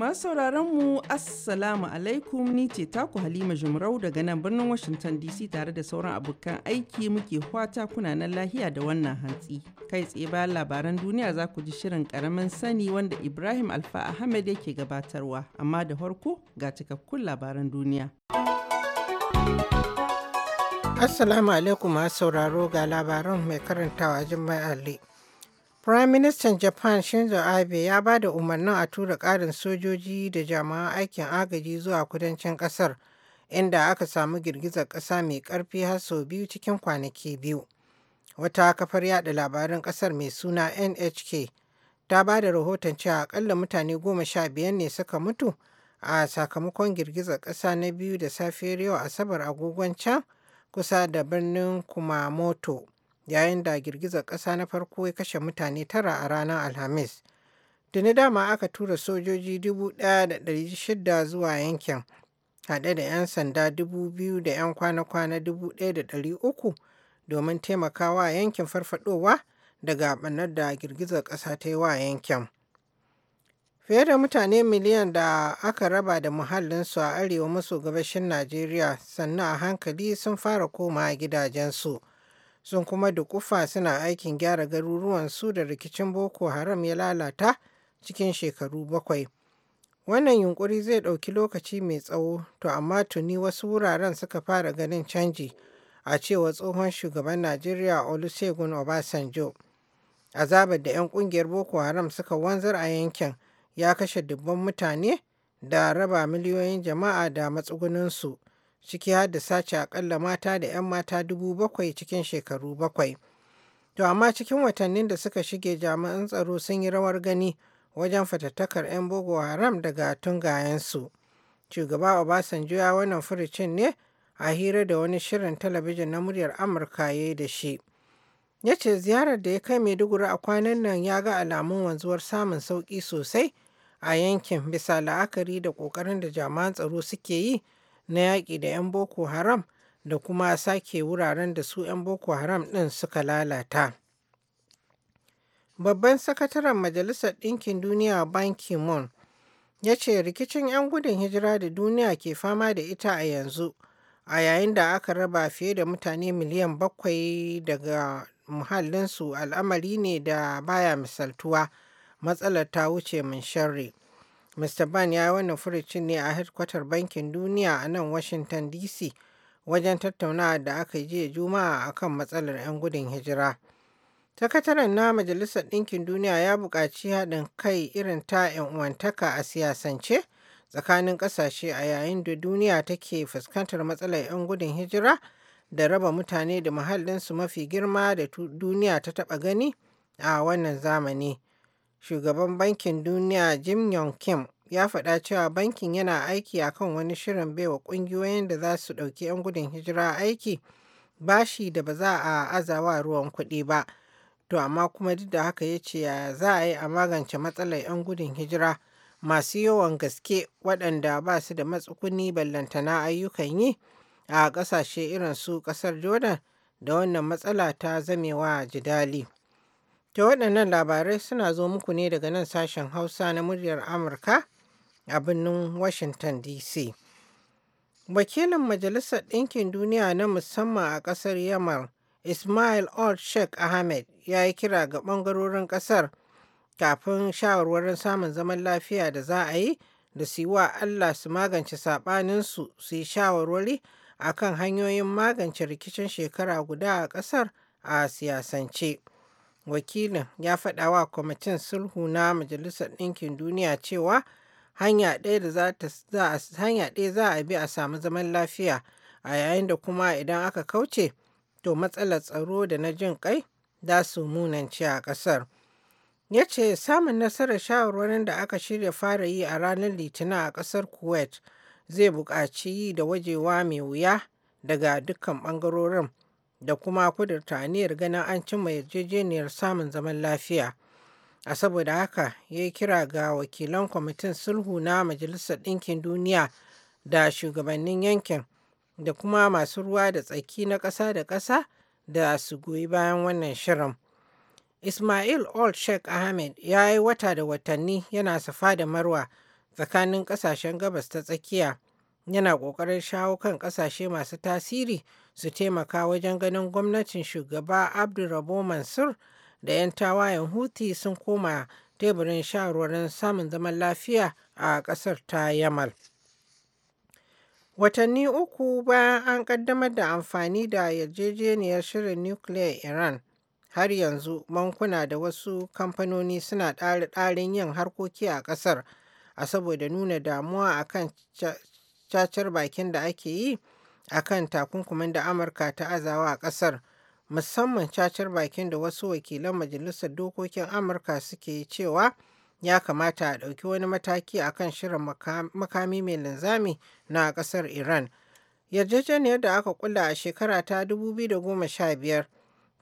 Masu sauraron mu Assalamu alaikum ni ce taku Halima Jumrau daga nan birnin Washington DC tare da sauran abokan aiki muke fata kuna nan lahiya da wannan hantsi. Kai tsaye bayan labaran duniya za ku ji shirin karamin sani wanda Ibrahim Alfa Ahmed yake gabatarwa amma da farko ga cikakkun labaran duniya. Assalamu alaikum masu sauraro ga labaran mai karantawa Jummai Ali. Prime Minister Japan Shinzo Abe ya ba da umarnin a tura ƙarin sojoji da jami'an aikin agaji zuwa kudancin ƙasar, inda aka samu girgizar ƙasa mai ƙarfi har sau biyu cikin kwanaki biyu. Wata kafar yada labarin ƙasar mai suna NHK ta ba da rahoton cewa akalla mutane goma sha biyar ne suka mutu a sakamakon girgizar ƙasa na biyu da safiyar yau Asabar agogon can kusa da birnin Kumamoto. yayin da girgizar ƙasa na farko ya kashe mutane tara a ranar Alhamis. da Tuni dama aka tura sojoji 1,600 zuwa yankin, haɗe da 'yan sanda 2,000 da 'yan kwana-kwana 1,300 domin taimakawa yankin farfadowa daga ɓannar da girgizar ƙasa ta yi wa yankin. Fiye da mutane miliyan da aka raba da muhallinsu a arewa maso gabashin Najeriya sannan a hankali sun fara koma gidajensu. sun kuma da ƙufa suna aikin gyara garuruwan su da rikicin boko haram ya lalata cikin shekaru bakwai wannan yunkuri zai ɗauki lokaci mai tsawo to amma tuni wasu wuraren suka fara ganin canji a cewa tsohon shugaban najeriya olusegun obasanjo azabar da 'yan kungiyar boko haram suka wanzar a yankin ya kashe dubban mutane da raba miliyoyin jama'a da matsugunansu ciki har da sace akalla mata da 'yan mata dubu bakwai cikin shekaru bakwai. To amma cikin watannin da suka shige jami'an tsaro sun yi rawar gani wajen fatattakar 'yan Boko Haram daga tungayensu. Shugaba Obasanjo ya wannan furucin ne a hira da wani shirin talabijin na muryar Amurka ya yi da shi. Ya ce ziyarar da ya kai Maiduguri a kwanan nan ya ga alamun wanzuwar samun sauƙi sosai a yankin bisa la'akari da ƙoƙarin da jami'an tsaro suke yi na yaƙi da 'yan boko haram da kuma sake wuraren da su 'yan boko haram ɗin suka lalata babban sakataren majalisar ɗinkin duniya ban ki-moon ya ce rikicin 'yan gudun hijira da duniya ke fama da ita a yanzu a yayin da aka raba fiye da mutane miliyan bakwai daga muhallinsu al'amari ne da baya misaltuwa matsalar ta wuce min sharri Mr. Ban ya yi wannan furucin ne a hedkwatar Bankin Duniya a nan Washington DC wajen tattaunawa da aka yi jiya Juma'a a kan matsalar 'yan gudun hijira. Sakataren na Majalisar Ɗinkin Duniya ya buƙaci haɗin kai irin ta 'yan uwantaka a siyasance tsakanin ƙasashe a yayin da duniya take fuskantar matsalar 'yan gudun hijira da raba mutane da muhallinsu mafi girma da duniya ta taɓa gani a wannan zamani. Shugaban Bankin Duniya Jim Yong Kim ya faɗa cewa bankin yana aiki a kan wani shirin baiwa ƙungiyoyin da za su ɗauki 'yan gudun hijira aiki bashi da ba za a azawa ruwan kuɗi ba. To amma kuma duk da haka ya ce za a yi a magance matsalar 'yan gudun hijira masu yawan gaske waɗanda ba su da matsukuni ballantana ayyukan yi a ƙasashe irin su ƙasar Jordan da wannan matsala ta zamewa jidali. Ta waɗannan labarai suna zo muku ne daga nan sashen Hausa na muryar Amurka a birnin Washington DC. Wakilin Majalisar Ɗinkin Duniya na musamman a ƙasar Yamal, Ismail Old Sheikh Ahmed ya yi kira ga ɓangarorin ƙasar kafin shawarwarin samun zaman lafiya da za a yi da su wa Allah su magance saɓaninsu su yi shawarwari a kan hanyoyin magance rikicin shekara guda a ƙasar a siyasance. wakilin ya faɗa wa kwamitin sulhu na majalisar ɗinkin duniya cewa hanya ɗaya za a bi a samu zaman lafiya a yayin da kuma idan aka kauce to matsalar tsaro da na jin kai za su munanci a ƙasar ya ce samun nasarar shawarwarin da aka shirya fara yi a ranar litinin a ƙasar kuwait zai buƙaci yi da wajewa mai wuya daga dukkan ɓangarorin da kuma kudurta aniyar ganin an cimma yarjejeniyar samun zaman lafiya. A saboda haka ya kira ga wakilan kwamitin sulhu na Majalisar Ɗinkin Duniya da shugabannin yankin da kuma masu ruwa da tsaki na ƙasa da ƙasa da su goyi bayan wannan shirin. Ismail Old Sheikh Ahmed ya yi wata da watanni yana safa da marwa tsakanin ƙasashen gabas ta tsakiya yana ƙoƙarin shawo kan ƙasashe masu tasiri su taimaka wajen ganin gwamnatin shugaba abdulrabo mansur da 'yan tawayen huti sun koma teburin shawarwarin samun zaman lafiya a ƙasar ta yamal watanni uku bayan an ƙaddamar da amfani da yarjejeniyar shirin nuclear iran har yanzu bankuna da wasu kamfanoni suna ɗarin yin harkoki a ƙasar a saboda nuna damuwa akan cacar bakin da ake yi akan takunkumin da amurka ta azawa a kasar musamman cacar bakin da wasu wakilan majalisar dokokin amurka suke cewa ya kamata a ɗauki wani mataki akan shirin makami mai linzami na ƙasar iran yarjejeniyar da aka kula a shekara ta 2015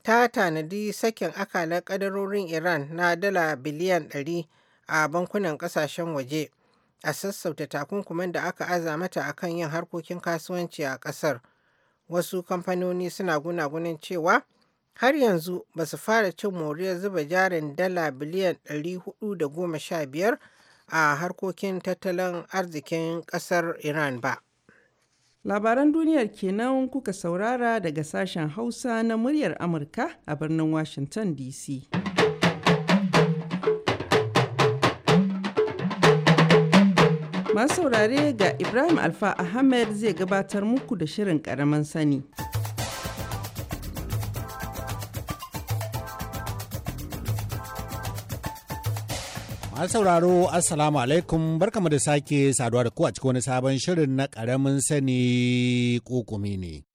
ta tanadi sakin akalar kadarorin iran na dala biliyan 100 a bankunan kasashen waje a sassauta takunkuman da aka aza mata a kan yin harkokin kasuwanci a ƙasar. Wasu kamfanoni suna gunagunin cewa har yanzu ba su fara cin moriyar zuba jarin dala biliyan 415 a harkokin tattalin arzikin ƙasar Iran ba. Labaran duniyar kenan kuka saurara daga sashen Hausa na muryar Amurka a birnin Washington DC. Masu saurare ga Ibrahim Alfa Ahmed zai gabatar muku da shirin ƙaramin sani. Masu sauraro Assalamu alaikum barkamu da sake saduwa da ku a cikin wani sabon shirin na ƙaramin sani kokumi ne.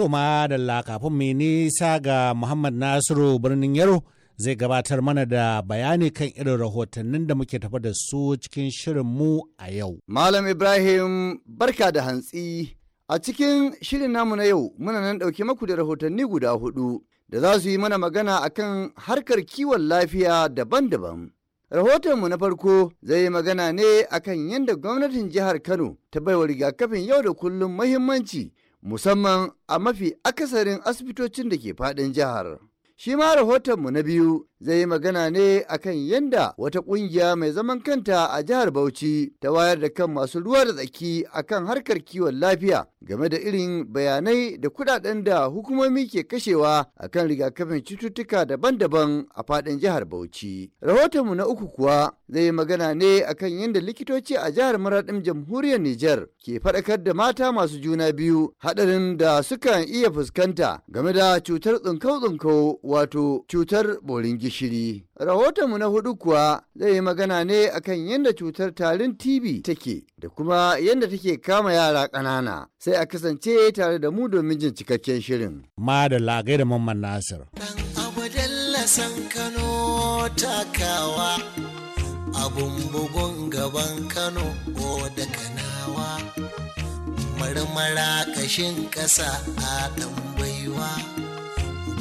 To ma da kafin mai nisa ga Muhammad Nasiru birnin Yaro zai gabatar mana da bayani kan irin rahotannin da muke tafa da su cikin shirin mu a yau. Malam Ibrahim barka da hantsi. A cikin shirin namu na yau muna nan ɗauke maku da rahotanni guda hudu da za su yi mana magana akan harkar kiwon lafiya daban-daban. Rahotonmu na farko zai yi magana ne akan yadda gwamnatin jihar Kano ta baiwa rigakafin yau da kullum muhimmanci musamman a mafi akasarin asibitocin da ke faɗin jihar. Shi ma rahotonmu na biyu zai yi magana ne akan yadda wata ƙungiya mai zaman kanta a jihar Bauchi ta wayar da kan masu ruwa da tsaki akan harkar kiwon lafiya game da irin bayanai da kudaden da hukumomi ke kashewa a kan rigakafin cututtuka daban-daban a faɗin jihar Bauchi. Rahotonmu na uku kuwa zai yi magana ne akan yadda likitoci a jihar Maraɗin Jamhuriyar Nijar ke faɗakar da mata masu juna biyu haɗarin da sukan iya fuskanta game da cutar tsinkau-tsinkau wato cutar borin gishiri. Rahotonmu na hudu kuwa zai yi magana ne akan yadda cutar tarin TB take da kuma yadda take kama yara ƙanana. Sai a kasance tare da mu domin jin cikakken shirin. Ma da lagai da Mamman Nasir. Kano takawa abun bugun gaban Kano ko da Kanawa marmara kashin ƙasa a ɗan baiwa.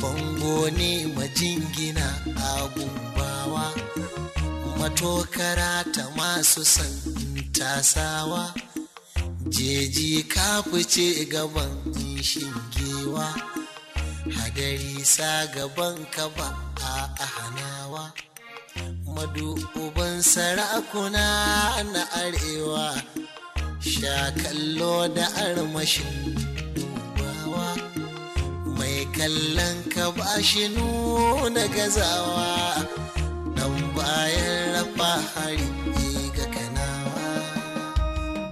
bango ne majingina abun bawa ta masu san tasawa jeji kafice gaban shingewa hadari sa gaban kaba a ahanawa madu uban sarakuna na arewa sha kallo da armashin kallon ka ba shi nuna gazawa nan bayan rafa hari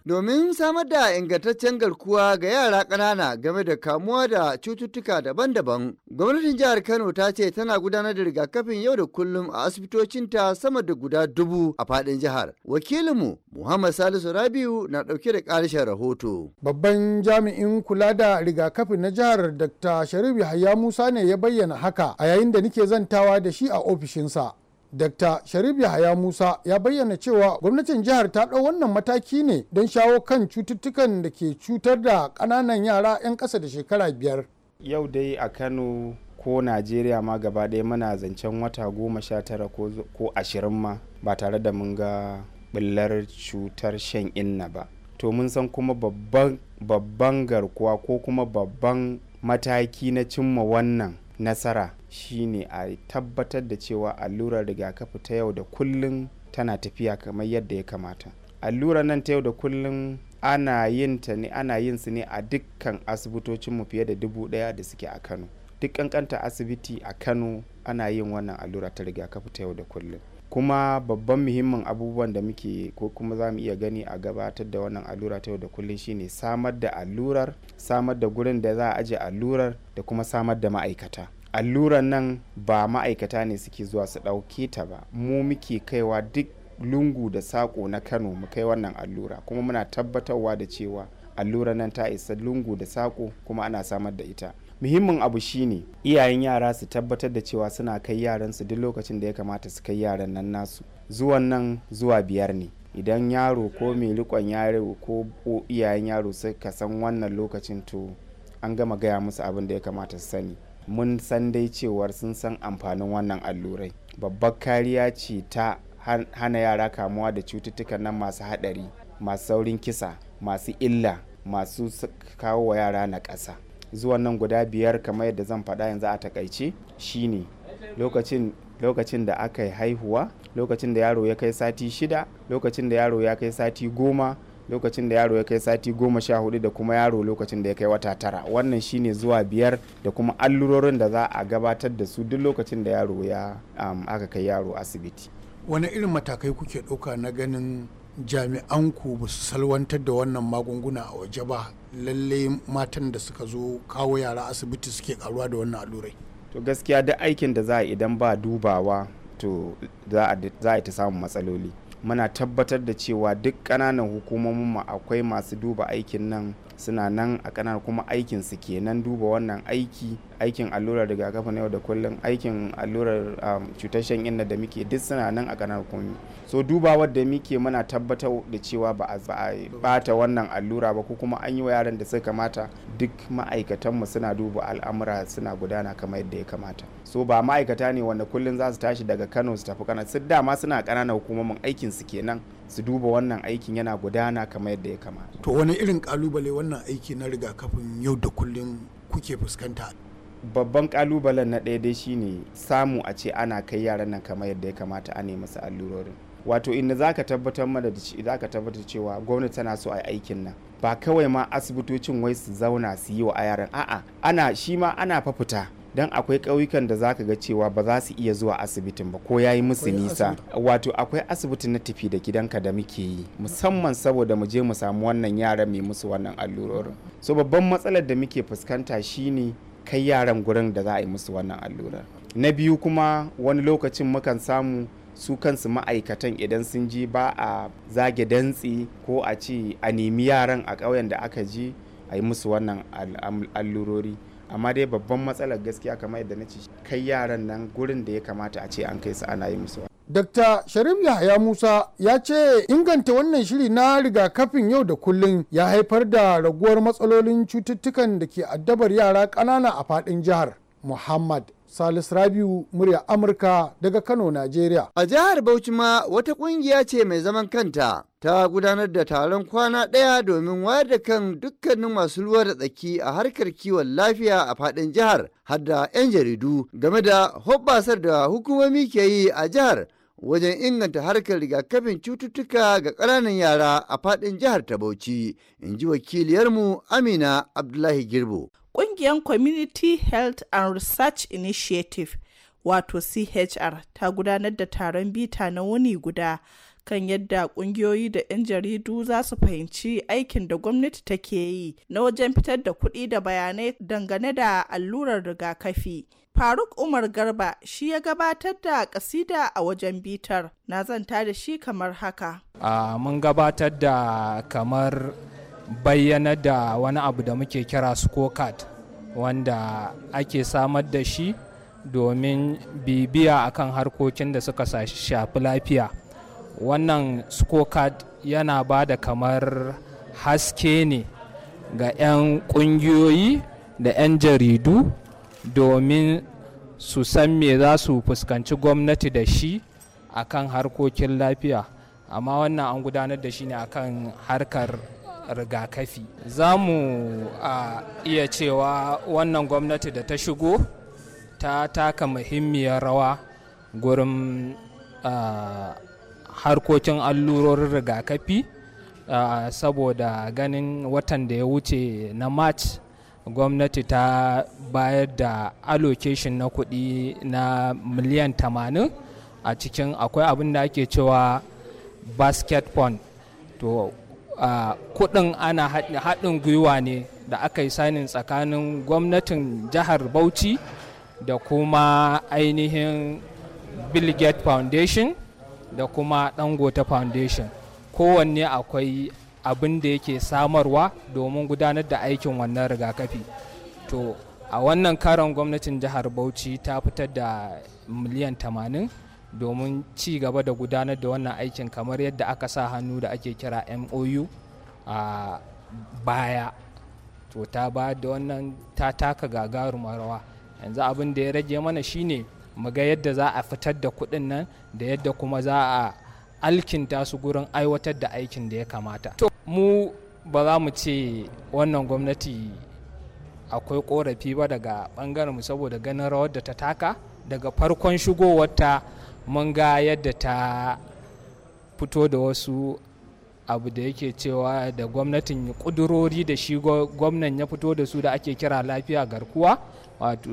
domin samar da ingantaccen garkuwa ga yara ƙanana game da kamuwa da cututtuka daban-daban. Gwamnatin jihar Kano ta ce tana gudanar da rigakafin yau da kullum a asibitocinta sama da guda dubu a faɗin jihar. Wakilinmu Muhammad Salisu Rabiu na ɗauke da ƙarshen rahoto. Babban jami'in kula da rigakafi na jihar Dr. Sharif yahya Musa ne ya bayyana haka a yayin da nike zantawa da shi a ofishinsa. Dr. Sharif Yahaya Musa ya bayyana cewa gwamnatin jihar ta ɗau wannan mataki ne don shawo kan cututtukan da ke cutar da ƙananan yara 'yan ƙasa da shekara biyar. Yau dai a Kano ko Najeriya ma gaba ɗaya muna zancen wata goma sha tara ko ashirin ma ba tare da mun ga ɓillar cutar shan inna ba. To mun san kuma babban garkuwa ko kuma babban mataki na cimma wannan nasara shine a tabbatar da cewa allurar rigakafi ta yau da kullun tana tafiya kamar yadda ya kamata allurar nan ta yau da kullun ana yin ta ne ana yin su ne a dukkan asibitocinmu fiye da dubu daya da suke a kano duk kankanta asibiti a kano ana yin wannan allura ta rigakafi ta yau da kullum kuma babban muhimmin abubuwan da muke ko kuma za mu iya gani a gabatar da wannan allura ta yau da kullum shine samar da allurar samar da gurin da za a ajiye allurar da kuma samar da ma'aikata alluran nan ba ma'aikata ne suke zuwa su ɗauke ta ba mu muke kaiwa duk lungu da sako na kano mu kai wannan allura kuma muna tabbatarwa da cewa alluran nan ta isa lungu da sako kuma ana samar da ita muhimmin abu shine iyayen yara su tabbatar da cewa suna kai yaransu duk lokacin da ya kamata su kai yaran nan nasu zuwan nan zuwa biyar ne idan yaro ko mai rikon yaro ko iyayen yaro suka san wannan lokacin to an gama gaya musu abin da ya kamata su sani mun san dai cewar sun san amfanin wannan allurai babbar kariya ce ta hana yara kamuwa da cututtukan nan masu hadari masu saurin kisa masu illa masu kawo wa yara na ƙasa zuwan nan guda biyar kamar yadda zan faɗa yanzu a takaice shine lokacin lokacin da aka haihuwa lokacin da yaro ya kai sati shida lokacin da yaro ya kai sati goma lokacin da yaro ya kai sati goma sha hudu da kuma yaro lokacin da ya kai wata tara wannan shine zuwa biyar da kuma allurorin da za a gabatar da su duk lokacin da yaro ya um, aka kai yaro asibiti wani irin matakai kuke ɗauka na ganin jami'an ku ba su salwantar da wannan magunguna a waje ba lalle matan da suka zo kawo yara asibiti suke karuwa da wannan allurai to gaskiya duk aikin da za a idan ba dubawa to za a ta samun matsaloli muna tabbatar da cewa duk ƙananan hukumomin mu akwai masu duba aikin nan suna nan a kanar kuma aikin su kenan duba wannan aiki aikin allurar rigakafi na yau da kullum aikin allurar um, cutar shan inna da muke duk suna nan a kanar kuma so duba wadda muke muna tabbatar da cewa ba a bata wannan allura ba ko kuma an yi wa yaran da suka kamata duk ma'aikatanmu suna duba al'amura suna gudana kamar yadda ya kamata so ba ma'aikata ne wanda kullum za su tashi daga kano su tafi kana su dama suna ƙananan hukumomin aikin su kenan su duba wannan aikin yana gudana kamar yadda ya kamata to wani irin kalubale wannan aiki na rigakafin yau da kullum kuke fuskanta babban kalubalen na ɗaya dai shine samu a ce ana kai yaran nan kamar yadda ya kamata a nemi su allurorin wato inda za ka tabbatar mana da za ka tabbatar cewa gwamnati tana so a aikin nan ba kawai ma asibitocin wai su zauna su yi wa yaran a'a ana shi ma ana fafuta. don akwai ƙauyukan da zaka ga cewa ba za su iya zuwa asibitin ba ko ya yi musu nisa wato akwai asibitin na tafi da gidanka da muke yi musamman saboda mu je mu samu wannan yaran mai musu wannan allurorin so babban matsalar da muke fuskanta shine kai yaran gurin da za a yi musu wannan allurar na biyu kuma wani lokacin mukan samu su kansu ma'aikatan idan sun ji ba a zage dantsi ko a ce a nemi yaran a ƙauyen da aka ji a yi musu wannan allurori amma dai babban matsalar gaskiya kamar yadda na ce kai yaran nan gurin da ya kamata a ce an kai su ana yi musu Dr. Sharif Yahaya Musa ya ce inganta wannan shiri na rigakafin yau da kullum ya haifar da raguwar matsalolin cututtukan da ke addabar yara ƙanana a faɗin jihar. Muhammad Salis Rabiu murya Amurka daga Kano, Najeriya. A jihar Bauchi ma wata kungiya ce mai zaman kanta ta gudanar da taron kwana ɗaya domin wayar da kan dukkanin masu ruwa da tsaki a harkar kiwon lafiya a faɗin jihar har da 'yan jaridu game da hoɓɓasar da hukumomi ke yi a jihar wajen inganta harkar rigakafin cututtuka ga ƙananan yara a faɗin jihar ta Bauchi, in ji wakiliyarmu Amina Abdullahi Girbo. Ƙungiyar Community Health and Research Initiative wato CHR ta gudanar da taron bita na wuni guda kan yadda ƙungiyoyi da 'yan jaridu za su fahimci aikin da gwamnati take yi na wajen fitar da kuɗi da bayanai dangane da allurar rigakafi. Faruk Umar Garba shi ya gabatar da kasida a wajen bitar na zanta da shi kamar haka. mun gabatar da kamar Bayyana da wani abu da muke kira scorecard wanda ake samar da shi domin bibiya akan harkokin da suka shafi lafiya wannan scorecard yana ba da kamar haske ne ga 'yan ƙungiyoyi da 'yan jaridu domin su san me za su fuskanci gwamnati da shi akan harkokin lafiya amma wannan an gudanar da shi ne akan harkar rigakafi za mu iya cewa wannan gwamnati da ta shigo ta taka muhimmiyar rawa gurin harkokin allurorin rigakafi saboda ganin watan da ya wuce na march gwamnati ta bayar da allocation na kudi na miliyan 80 a cikin akwai abin da ake cewa basket fund to kudin ana haɗin gwiwa ne da aka yi sanin tsakanin gwamnatin jihar bauchi da kuma ainihin bill gates foundation da kuma dangote foundation kowanne akwai abin da yake samarwa domin gudanar da aikin wannan rigakafi to a wannan karon gwamnatin jihar bauchi ta fitar da miliyan 80 domin ci gaba da gudanar da wannan aikin kamar yadda aka sa hannu da ake kira mou a baya to ta ba da wannan ta taka gagarumar rawa yanzu abin da ya rage mana shine mu ga yadda za a fitar da kuɗin nan da yadda kuma za a alkinta su gurin aiwatar da aikin da ya kamata to mu ba za mu ce wannan gwamnati akwai korafi ba daga bangaren mu saboda ganin rawar da ta taka daga farkon shigowarta mun ga yadda ta fito da wasu abu da yake cewa da gwamnatin kudurori da shi gwamnan ya fito da su da ake kira lafiya garkuwa wato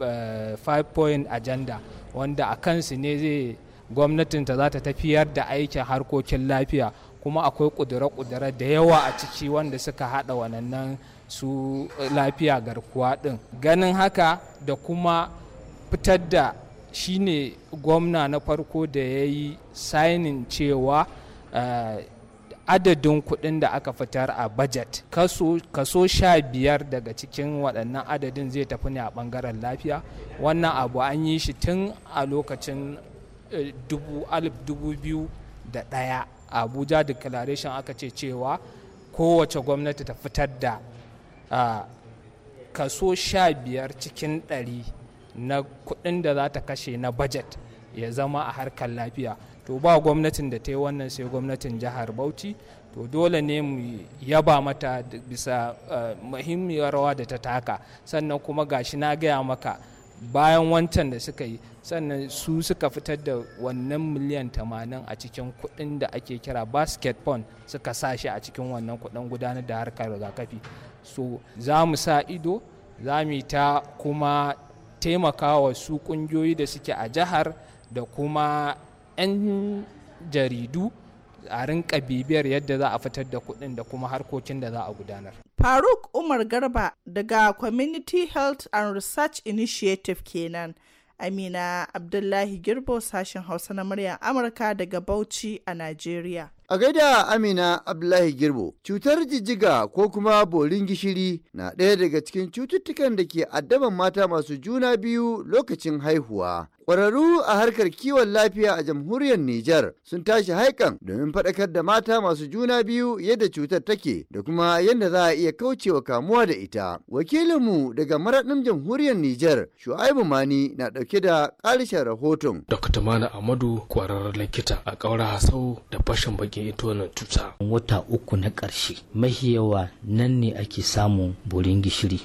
eh, five point agenda wanda a kansu ne zai gwamnatin ta za ta tafiyar da aikin harkokin lafiya kuma akwai kudura-kudura da yawa a ciki wanda suka hada wannan su eh, lafiya garkuwa din ganin haka da kuma fitar da shine gwamna na farko da ya yi sainin cewa eh, adadin kuɗin da aka fitar a budget kaso sha biyar daga cikin waɗannan adadin zai tafi ne a ɓangaren lafiya wannan abu an yi shi tun a lokacin eh, ɗaya a abuja declaration aka ce cewa kowace gwamnati ta fitar da eh, kaso sha biyar cikin ɗari na kuɗin da za ta kashe na budget ya zama a harkar lafiya to ba gwamnatin da ta yi wannan sai gwamnatin jihar bauchi to dole ne mu yaba mata bisa eh, muhimmiyar rawa da ta taka sannan kuma gashi na gaya maka bayan wancan da suka yi sannan su suka fitar da wannan miliyan tamanin a cikin kuɗin da ake kira basket pond suka sa shi a cikin wannan kuɗin gudanar da harkar rigakafi so za mu sa ido za mu ta kuma taimakawa su kungiyoyi da suke a jihar da kuma 'yan jaridu a rinka bibiyar yadda za a fitar da kuɗin da kuma harkokin da za a gudanar. Faruk Umar Garba daga Community Health and Research Initiative kenan. Amina Abdullahi Girbo sashen Hausa na muryar Amurka daga Bauchi a Najeriya. A gaida Amina Abdullahi Girbo, cutar jijjiga ko kuma borin gishiri na ɗaya daga cikin cututtukan da ke addaban mata masu juna biyu lokacin haihuwa. Ƙwararru a harkar kiwon lafiya a jamhuriyar Nijar sun tashi haikan domin faɗakar da mata masu juna biyu yadda cutar take da kuma yadda za a iya kaucewa kamuwa da ita. Wakilinmu daga maraɗin jamhuriyar Nijar, Shu'aibu Mani na ɗauke da ƙarshen rahoton. Dr. Mana Amadu ƙwararren likita a ƙaura sau da fashin baki ake ito wannan tuta. Wata uku na ƙarshe mafi yawa nan ne ake samun borin gishiri.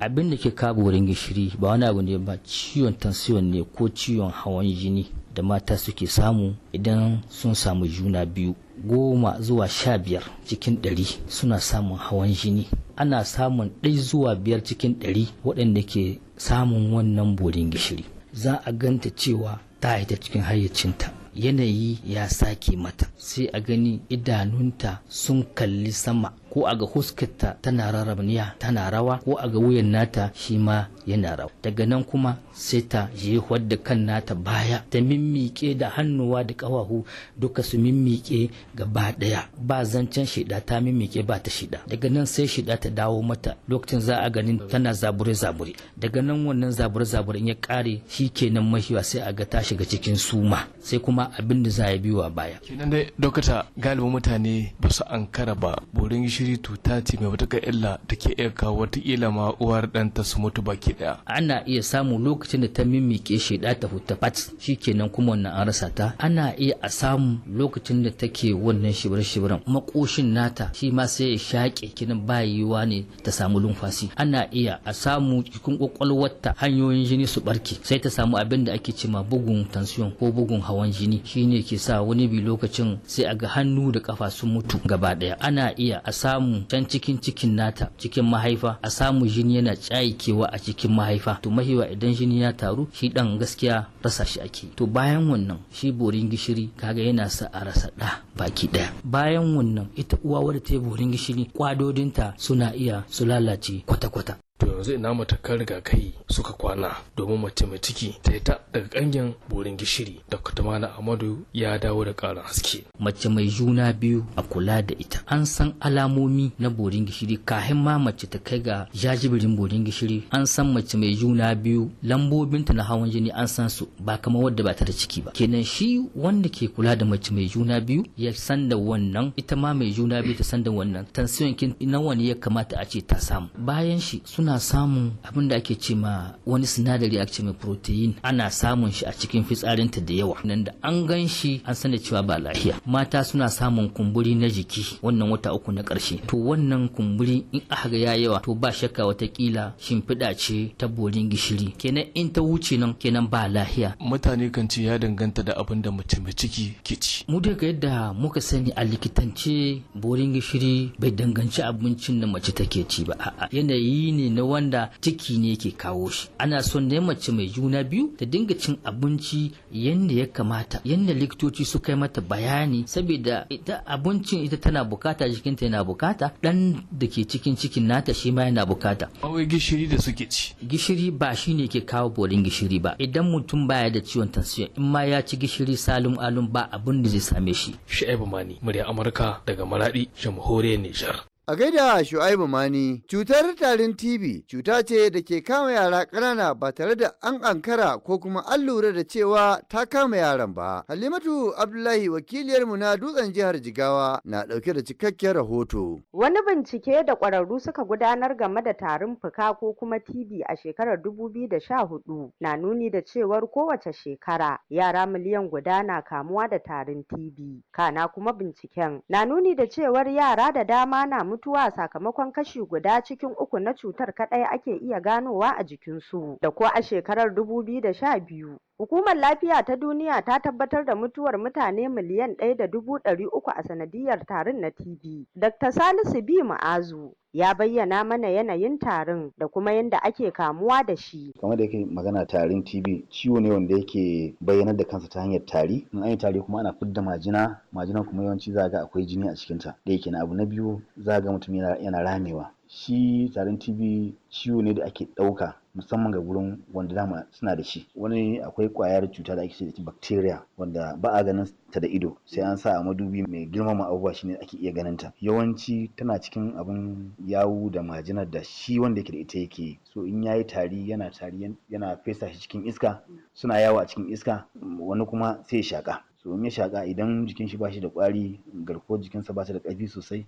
Abin da ke kawo borin gishiri ba wani abu ne ba ciwon tansiyon ne ko ciwon hawan jini da mata suke samu idan sun samu juna biyu. Goma zuwa sha biyar cikin ɗari suna samun hawan jini. Ana samun ɗai zuwa biyar cikin ɗari waɗanda ke samun wannan borin gishiri. Za a ganta cewa ta haita cikin hayyacinta. yanayi ya sake mata sai a gani idanunta sun kalli sama ko a ga huskarta tana rarrabniya tana rawa ko a ga wuyan nata shi ma yana rawa daga nan kuma sai ta je da kan nata baya ta mimmiƙe da hannuwa da ƙawahu duka su mimmike gaba ɗaya ba zancen shida ta mimmiƙe ba ta shida daga nan sai shida ta dawo mata lokacin za a ganin tana zabure zabure daga nan wannan zabure zabure in ya ƙare shi kenan mahiwa sai a ga ta shiga cikin suma sai kuma abin da za a bi a baya. kenan dai dokata galibin mutane ba su ankara ba burin gishiri tuta ce mai wata illa da ke iya kawo wata ma uwar ɗanta su mutu baki baki daya ana iya samu lokacin da ta mimike da ta huta shi shikenan kuma wannan an rasa ta ana iya a samu lokacin da take wannan shibir shibirin makoshin nata shi ma sai ya shaƙe kinan bayiwa ne ta samu lumfasi ana iya a samu cikin kwakwalwarta hanyoyin jini su barke sai ta samu abin da ake cima bugun tansiyon ko bugun hawan jini shine ke sa wani bi lokacin sai a ga hannu da kafa sun mutu gaba daya ana iya a samu can cikin cikin nata cikin mahaifa a samu jini yana cayikewa a cikin cikin mahaifa to mahiwa idan jini ya taru shi dan gaskiya rasa shi ake to bayan wannan shi borin gishiri kaga yana sa a rasa da baki daya bayan wannan ita uwa wadda ta yi borin gishiri kwadodinta suna iya su lalace kwata-kwata to yanzu ina matakan rigakai suka kwana domin mace mai ciki ta ta daga kangen borin gishiri da na amadu ya dawo da karin haske mace mai juna biyu a kula da ita an san alamomi na borin gishiri kahin ma mace ta kai ga jajibirin borin gishiri an san mace mai juna biyu lambobinta na hawan jini an san su ba kama wadda ba ta da ciki ba kenan shi wanda ke kula da mace mai juna biyu ya san da wannan ita ma mai juna biyu ta san da wannan tansiyon kin na wani ya kamata a ce ta samu bayan shi suna ana samun abin da ake ce ma wani sinadari ake ce mai protein ana samun shi a cikin fitsarinta da yawa nan da an gan shi an san da cewa ba lafiya mata suna samun kumburi na jiki wannan wata uku na ƙarshe to wannan kumburi in aka ya yawa to ba shakka watakila shimfiɗa ce ta borin gishiri kenan in ta wuce nan kenan ba lahiya mutane kan ce ya danganta da abin da mace mai ciki ke ci mu daga yadda muka sani a likitance borin gishiri bai danganci abincin da mace take ci ba a'a yanayi ne na wanda ciki ne ke kawo shi ana son ne mace mai juna biyu ta dinga cin abinci yadda ya kamata yadda likitoci su kai mata bayani saboda ita abincin ita tana bukata jikinta yana bukata dan da ke cikin cikin nata shi ma yana bukata awai gishiri da suke ci gishiri ba shine ke kawo borin gishiri ba idan mutum baya da ciwon tansiyon in ma ya ci gishiri salum alum ba abin da zai same shi shi'aibu mani murya amurka daga maradi jamhuriyar nijar A gaida Shu'aibu Mani, cutar tarin TB cuta ce da ke kama yara ƙanana ba tare da an ankara ko kuma an lura da cewa ta kama yaran ba. Halimatu Abdullahi wakiliyarmu na dutsen jihar Jigawa na ɗauke da cikakken rahoto. Wani bincike da ƙwararru suka gudanar game da tarin fuka ko kuma TB a shekarar dubu biyu da sha 2014 na nuni da cewar kowace shekara yara miliyan guda na kamuwa da tarin TB. Kana kuma binciken na nuni da cewar yara da dama na mutu mutuwa sakamakon kashi guda cikin uku na cutar kaɗai ake iya ganowa a jikinsu da ko a shekarar 2012. Hukumar Lafiya ta Duniya ta tabbatar da mutuwar mutane miliyan ɗaya da dubu ɗari uku a sanadiyar tarin na TB. Dr. Salisu B. Ma'azu ya bayyana mana yanayin tarin da kuma yadda ake kamuwa da shi. Kamar da yake magana tarin TB ciwo ne wanda yake bayyanar da kansa ta hanyar tari. In an yi tari kuma ana fidda majina, majinan kuma yawanci za ga akwai jini a cikinta. Da yake na abu na biyu za ga mutum yana ramewa. Shi tarin TB ciwo ne da ake ɗauka musamman ga gurin wanda dama suna da shi wani akwai kwayar cuta da ake ce da bacteria wanda ba a ganin ta da ido sai an sa a madubi mai girmama abubuwa shine ake iya ganin ta yawanci tana cikin abin yawu da majinar da shi wanda yake da ita yake so in yayi tari yana tari yana fesa shi cikin iska suna yawo a cikin iska wani kuma sai shaka so in ya shaka idan jikin shi ba shi da kwari garkuwar jikinsa ba ta da ƙarfi sosai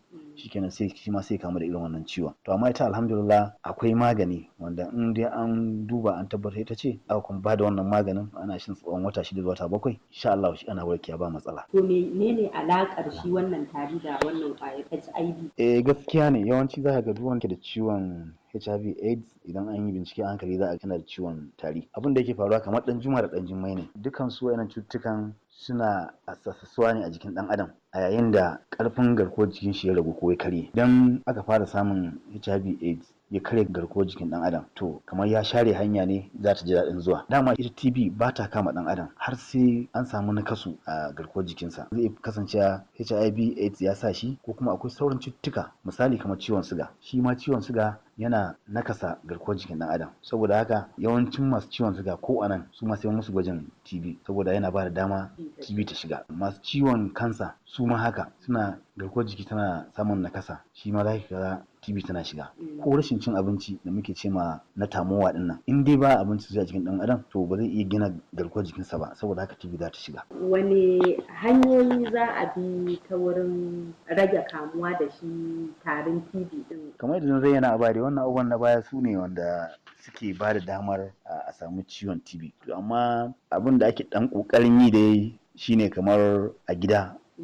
kenan sai shi ma sai kama da irin wannan ciwon to amma ita alhamdulillah akwai magani wanda in dai an duba an tabbatar ita ce aka kuma ba da wannan maganin ana shin tsawon wata shida zuwa wata bakwai insha Allah shi ana warkewa ba matsala to menene alakar shi wannan tari da wannan ƙwayar HIV eh gaskiya ne yawanci za ka ga duk wanda da ciwon HIV AIDS idan an yi bincike a hankali za a kana da ciwon tari abin da yake faruwa kamar dan juma da dan jimmai ne dukan su wayannan cututtukan suna assasuwa ne a jikin dan adam a yayin da karfin garkuwar jikin shi ya ragu ko ya karye idan aka fara samun HIV AIDS ya karya garkuwar jikin ɗan adam to kamar ya share hanya ne za ta ji daɗin zuwa dama ita tb ba ta kama ɗan adam har sai an samu nakasu a garkuwar jikinsa zai kasance hiv aids ya sa shi ko kuma akwai sauran cututtuka misali kamar ciwon suga shi ma ciwon suga yana nakasa garkuwar jikin ɗan adam saboda haka yawancin masu ciwon suga ko anan su ma sai musu gwajin TB saboda yana ba da dama TB ta shiga masu ciwon kansa su ma haka suna garkuwar jiki tana samun nakasa shi ma za ka tb tana shiga mm. ko rashin cin abinci da muke ce ma na tamowa din in dai ba abinci zuwa cikin dan adam to ba zai iya gina garkuwar jikinsa ba saboda haka tb za ta shiga wani hanyoyi za a bi ta wurin rage kamuwa da shi tarin tb din kamar yadda zai yana a wannan abubuwan na baya su ne wanda suke ba da damar a samu ciwon tb to amma abin da ake dan kokarin yi da shine kamar a gida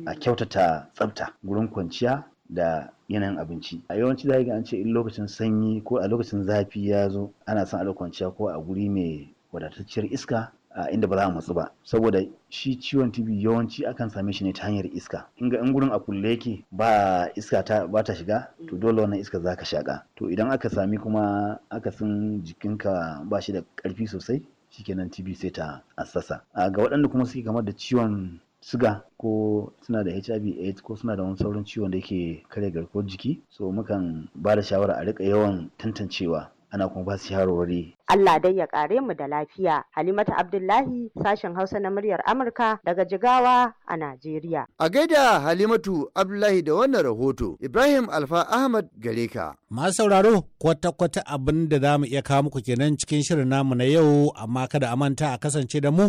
a mm. kyautata tsafta gurin kwanciya da yanayin abinci a yawanci za ga an ce in lokacin sanyi ko a lokacin zafi ya zo ana son a kwanciya ko a guri mai wadatacciyar iska a inda ba za a matsu ba saboda shi ciwon tibi yawanci akan same shi ne ta hanyar iska in ga in gurin a kulle yake ba iska ta ba ta shiga to dole wannan iska zaka shaka to idan aka sami kuma aka san jikinka ba shi da karfi sosai shikenan tibi sai ta assasa a ga waɗanda kuma suke kamar da ciwon siga ko suna da hiv aids ko suna da wani sauran ciwon da yake karya garkuwar jiki so mukan ba da shawara a rika yawan tantancewa ana kuma ba su shawarwari Allah dai ya kare mu da lafiya. Halimatu Abdullahi sashen Hausa na muryar Amurka daga Jigawa a Najeriya. A gaida Halimatu Abdullahi da wannan rahoto Ibrahim Alfa Ahmad Gareka. Masu sauraro kwata-kwata abin da zamu iya kawo muku kenan cikin shirin namu na yau amma kada a manta a kasance da mu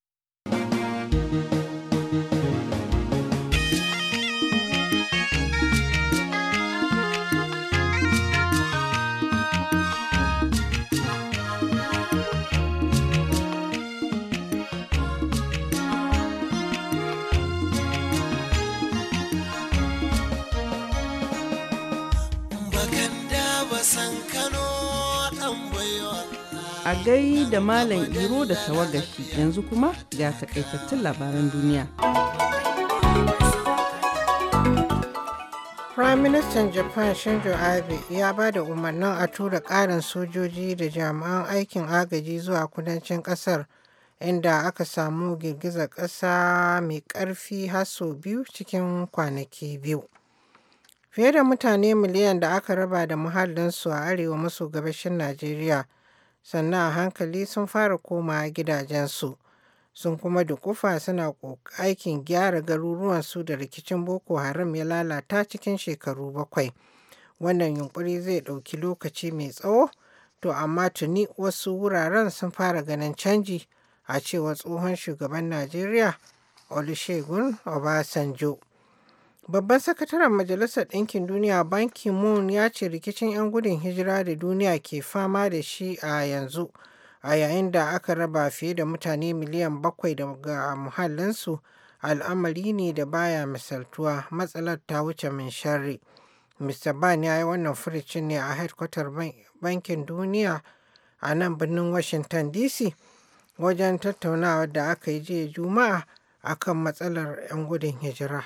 gai da Malam Iro da tawagashi yanzu kuma ga takaitattun labaran duniya. Prime Minister Japan Shinzo Abe ya ba da umarnin a tura ƙarin sojoji da jami'an aikin agaji zuwa kudancin ƙasar inda aka samu girgizar ƙasa mai ƙarfi haso biyu cikin kwanaki biyu. Fiye da mutane miliyan da aka raba da muhallinsu a arewa maso gabashin Najeriya. sannan a hankali sun fara komawa gidajensu sun kuma dukufa suna aikin gyara garuruwansu da rikicin boko haram ya lalata cikin shekaru bakwai wannan yunkuri zai ɗauki lokaci mai tsawo to amma tuni wasu wuraren sun fara ganin canji a cewa tsohon shugaban najeriya olusegun obasanjo Babban sakataren Majalisar Ɗinkin Duniya Ban Ki-moon ya ce rikicin 'yan gudun hijira da duniya ke fama da shi a yanzu a yayin da aka raba fiye da mutane miliyan bakwai daga muhallinsu al'amari ne da baya misaltuwa matsalar ta wuce min sharri. Mr. Ban ya yi wannan furicin ne a hedkwatar Bankin Duniya a nan birnin Washington DC wajen tattaunawa da aka yi jiya Juma'a akan matsalar 'yan gudun hijira.